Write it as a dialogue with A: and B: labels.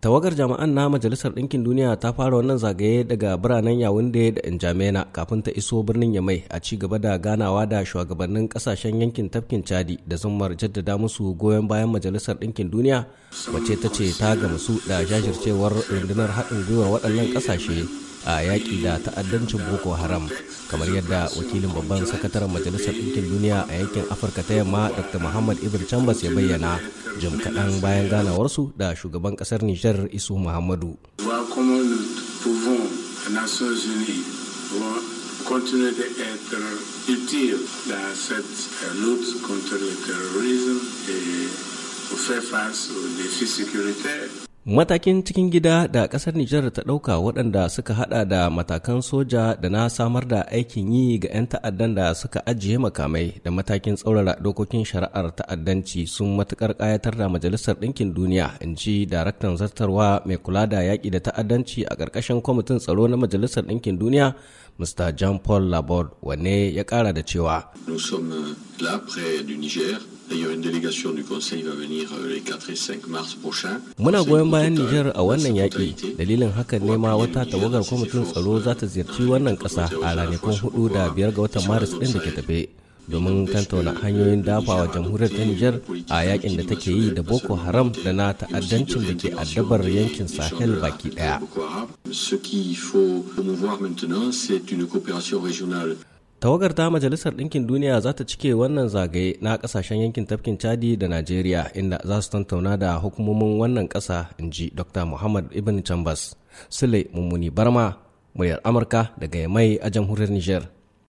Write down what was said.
A: tawagar jami'an na majalisar ɗinkin duniya ta fara wannan zagaye daga biranen yawunde da injamena kafin ta iso birnin yamai a ci gaba da ganawa da shugabannin kasashen yankin tafkin chadi da zummar jaddada musu goyon bayan majalisar ɗinkin duniya wacce ta ce ta gamsu da jajircewar rundunar haɗin gwiwar waɗannan ƙasashe a yaƙi da ta'addancin boko haram kamar yadda wakilin babban sakataren majalisar ɗinkin duniya a yankin afirka ta yamma dr muhammad ibn chambers ya bayyana jim kaɗan bayan ganawarsu da shugaban ƙasar nijar isu muhammadu Matakin cikin gida da ƙasar Nijar ta ɗauka waɗanda suka haɗa da matakan soja da na samar da aikin yi ga 'yan ta'addan da suka ajiye makamai da matakin tsaurara dokokin shari'ar ta'addanci sun matukar ƙayatar da Majalisar Ɗinkin Duniya, in ji daraktan zartarwa mai kula da yaƙi da ta'addanci a ƙarƙashin kwamitin tsaro na Majalisar Ɗinkin Duniya, Mr. Jean-Paul labord wanne ya ƙara da cewa.
B: Nous Euh, Muna goyon bayan Nijar a wannan yaƙi,
A: dalilin hakan ne ma wata tawagar kwamitin tsaro za ta ziyarci wannan ƙasa a ranakun hudu da biyar ga watan Maris ɗin da ke tafe. domin tantauna hanyoyin dafawa jamhuriyar ta Nijar a yakin da take yi da Boko Haram da na ta'addancin da ke addabar yankin Sahel baki daya. tawagar ta majalisar ɗinkin duniya za ta cike wannan zagaye na ƙasashen yankin tafkin chadi da najeriya inda za su tantauna da hukumomin wannan ƙasa in ji dr muhammad ibn chambers sule mummuni barma muryar amurka daga mai a jamhuriyar niger